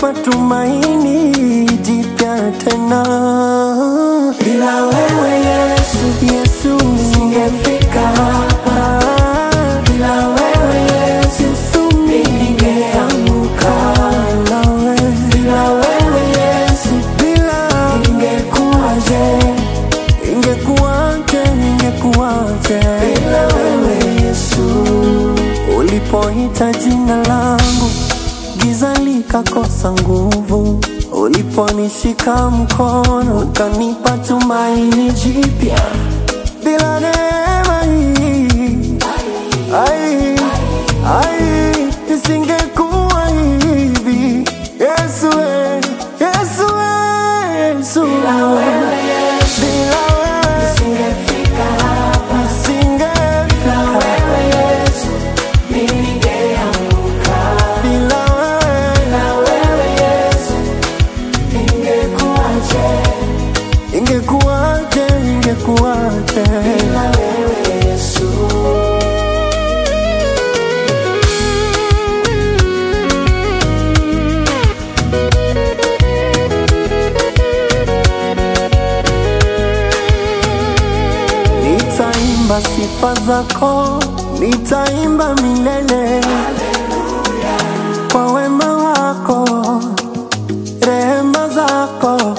hunipa tumaini jipya tena. Bila wewe Yesu, Yesu singefika hapa. Bila wewe Yesu Yesu ningeanguka. Bila wewe Yesu bila ingekuwaje? Ingekuwaje? Ingekuwaje? Bila wewe Yesu ulipoita jina langu giza likakosa nguvu, uliponishika mkono ukanipa tumaini jipya. Bila neema hii ai, isingekuwa hivi. Yesu, Yesu, Yesu, Yesu. ingekuwaje, ingekuwaje bila wewe Yesu. Nitaimba sifa zako, nitaimba milele kwa wema wako, rehema zako